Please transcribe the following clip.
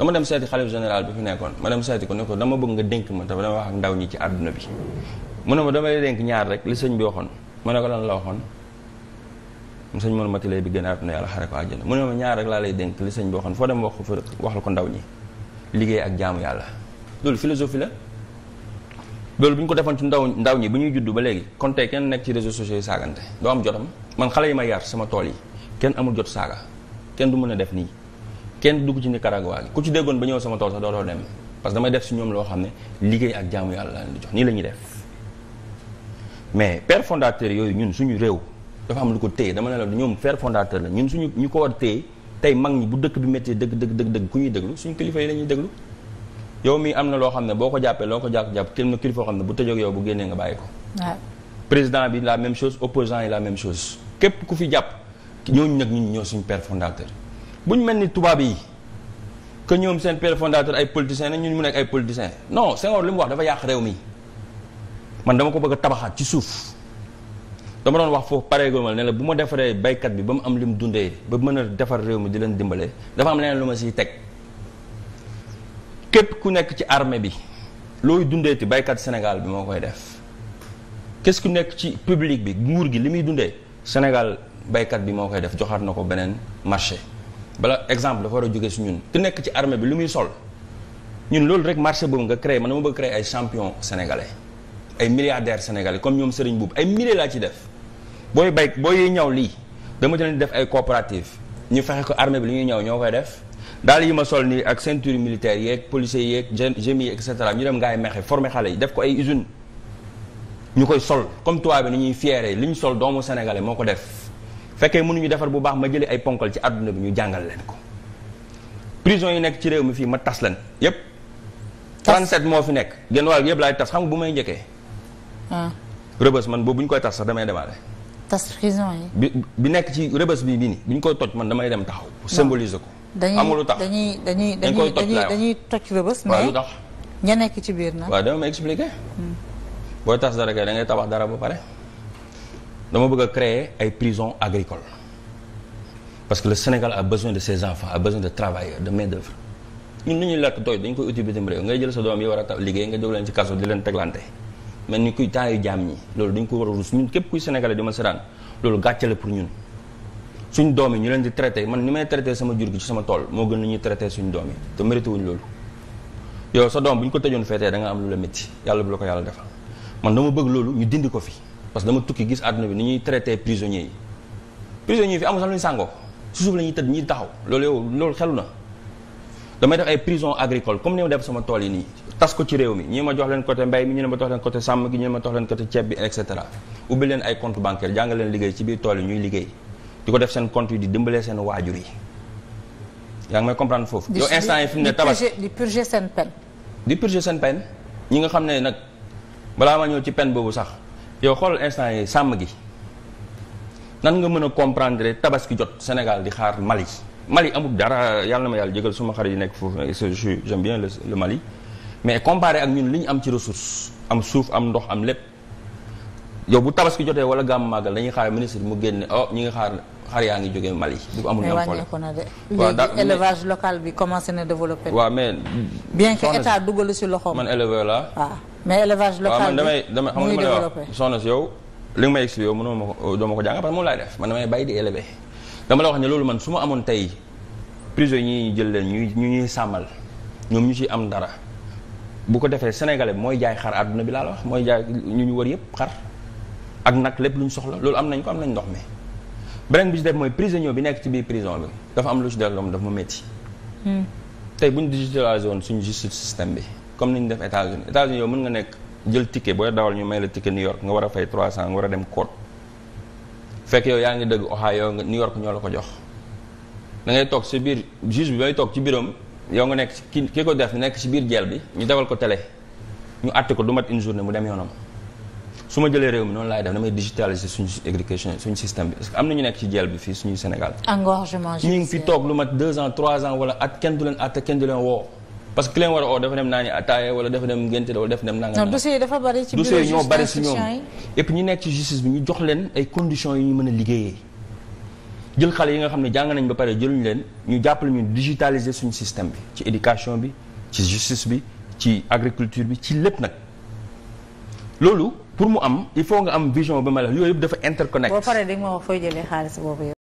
dama dem seeti xalif général bi fi nekkoon ma dem seeti ko ne ko dama bëgg nga dénk ma dama wax ak ndaw ñi ci àdduna bi mu ne ma damay dénk ñaar rek li sëñ bi waxoon ma ne ko lan la waxoon mu sëñ moon mati lay bi gën a àdduna yàlla xare ko àjjana mu ne rek laa lay dénk li sëñ bi waxoon foo dem wax ko fa ndaw ñi liggéey ak jaamu yàlla loolu philosophie la loolu bu ñu ko defoon ci ndaw ndaw ñi bu ñuy judd ba léegi kon tey kenn nekk ci réseaux sociaux yi saagante doo am jotam man xale yi ma yar sama tool yi kenn amul jot saaga kenn du mën a def nii kenn dugg ci Nicaragua gi ku ci déggoon ba ñëw sama tool sax dootoo dem parce que damay def si ñoom loo xam ne liggéey ak jaamu yàlla la jox nii la ñuy def mais père fondateur yooyu ñun suñu réew dafa am lu ko téye dama ne la ñoom père fondateur la ñun suñu ñu ko war téye tey mag ñi bu dëkk bi méttee dëgg dëgg dëgg dëgg ku ñuy déglu suñu kilifa yi la ñuy déglu yow mi am na loo xam ne boo ko jàppee loo ko jàpp-jàpp kenn kilifa xam ne bu tëjoog yow bu génnee nga bàyyi ko président bi la même chose opposant yi la même chose képp ku fi jàpp ñooñu nag ñun ñoo suñu père bu ñu mel ni tubaab yi que ñoom seen père fondateur ay politiciens ñun mu nekk ay politiciens non Senghor li mu wax dafa yàq mi man dama ko bëgg a tabaxaat ci suuf dama doon wax foofu pareegoomal ne la bu ma defaree baykat bi ba mu am lim dundee ba mën a defar réew mi di leen dimbale dafa am leneen lu ma siy teg képp ku nekk ci armée bi looy dundee ti baykat Sénégal bi moo koy def kes ku nekk ci public bi nguur gi li muy dundee Sénégal baykat bi moo koy def joxaat na ko beneen marché bala exemple dafa war a jóge si ñun ku nekk ci armée bi lu muy sol ñun loolu rek marché boobu nga créé man dama bëgg créé ay champion sénégalais ay milliardaires sénégalais comme ñoom Serigne Boub ay milliers laa ci def booy bay booy ñaw lii dama ci leen def ay coopérative ñu fexe ko armée bi li ñuy ñaw ñoo koy def daal yi ma sol nii ak ceinture militaire yeeg policiers yeeg gémi et cetera ñu dem ngaay mexe former xale yi def ko ay usine ñu koy sol comme tubaab bi ñuy fiere li ñu sol doomu sénégalais moo ko def fekkee mënuñu defar bu baax ma jële ay ponkal ci àdduna bi ñu jàngal leen ko prison yi nekk ci réew mi fii ma tas leen yépp 37 moo fi nekk genn wàll yëpp laay tas xam nga bu may njëkkee ah. rëbës man boobu bu ñu koy tas sax damay demaale tas prison yi. bi bi nekk ci rëbës bi bii nii bu ñu koy toj man damay dem taxaw. pour ko. amul lu tax dañuy dañuy dañuy dañuy dañuy toj rëbës. mais lu tax ña nekk ci biir na. waaw dama ma expliquer. Hmm. booy tas dara kay da ngay tabax dara ba pare. dama bëgg a créer ay prisons agricoles parce que le Sénégal a besoin de ses enfants a besoin de travailleurs de main d'œuvre ñun ni lekk doy dañ koy uti bitim réew ngay jël sa doom yi war a taw liggéey nga jóg leen ci kaso di leen teglante mais ni kuy temps yu jaam ñi loolu dañ ko war a rus ñun képp kuy sénégalais di ma seetaan loolu gàcce la pour ñun suñ doom yi ñu leen di traité man ni may traité sama jur gi ci sama tool moo gën lu ñuy traité suñ doom yi te mérité wuñ loolu yow doom bu ñu ko tëjoon feetee da am lu la métti yàlla bu la ko yàlla defal man dama bëgg ko fi parce que dama tukki gis àdduna bi ni ñuy traité prisonniers yi prisonniers yi fi amul sax lu ñu sàngoo suuf la ñuy tëdd ñuy taxaw loolu yow loolu xelu na damay def ay prison agricole comme ni ma def sama tool yi nii tas ko ci réew mi ñi ma jox leen côté mbay mi ñu ne ma jox leen côté sàmm gi ñu ne ma jox leen côté ceeb bi et ubbi leen ay compte bancaire liggéey ci biir tool yi ñuy liggéey di ko def seen compte yi di dimbalee seen waajur yi yaa ngi may comprendre foofu yow instant yi fi mu ne tabas di ñi nga xam ne nag balaa ma ñëw ci peine boobu sax yow xool instant yi sàmm gi nan nga mën a comprendre tabaski jot Sénégal di xaar Mali Mali amul dara yàlla na ma yàlla jégal suma xarit yi nekk foofu je j'aime bien le Mali mais comparé ak ñun li ñu am ci ressource am suuf am ndox am lépp yow bu tabaski jotee wala gàmm màggal dañuy xaar ministre mu génne oh ñi nga xaar xar yaa ngi jógee Mali. du amul ñoom problème na développer. waaw mais bien que état man éleveur la ah. mais élevage local damay damay xam nga si yow. li nga may expliqué yow mënoo ma ko doo ma ko jàngal parce que moom laay def man damay bàyyi di élevé dama la wax ne loolu man su ma amoon tey prisonniers yi ñuy jël leen ñuy ñu sàmmal ñoom ñu ciy am dara bu ko defee sénégalais mooy jaay xar àdduna bi laa la wax mooy jaay ñu ñu wër yëpp xar ak nag lépp lu ñu soxla loolu am nañ ko am nañ ndox mi. beneen bi ci def mooy prisonnier bi nekk ci biir prison bi dafa am lu ci delloo dafa ma métti. Hmm. tey bu ñu digitalisé suñu justice système bi. comme ni ñu def États-Unis États-Unis yow mën nga nekk jël ticket booy dawal ñu may la ticket New York nga war a fay 300 nga war a dem court fekk yaa ngi dëgg Ohio New York ñoo la ko jox da ngay toog si biir juge bi bay toog ci biiram yow nga nekk ki ki ko def nekk ci biir jeel bi ñu dawal ko télé ñu àtte ko du mat une journée mu dem yoonam su ma jëlee réew mi noonu laay def damay digitaliser suñu éducation bi parce que am na ñu nekk ci jeel bi fii suñu Sénégal. engorgement ñu ngi lu mat 2 ans 3 ans wala parce que ki leen war a oo dafa dem naa ni ataaye wala dafa dem ngénte wala dafa dem nanga dossier dafa bari ci dossier ñoo bari si ñoom ñu nekk ci justice bi ñu jox leen ay conditions yi ñu mën a liggéeyee jël xale yi nga xam ne jàng nañ ba pare jëluñu leen ñu jàppale ñu digitaliser suñu système bi ci éducation bi ci justice bi ci agriculture bi ci lépp nag loolu pour mu am il faut nga am vision ba ma la yooyu yëpp dafa interconnect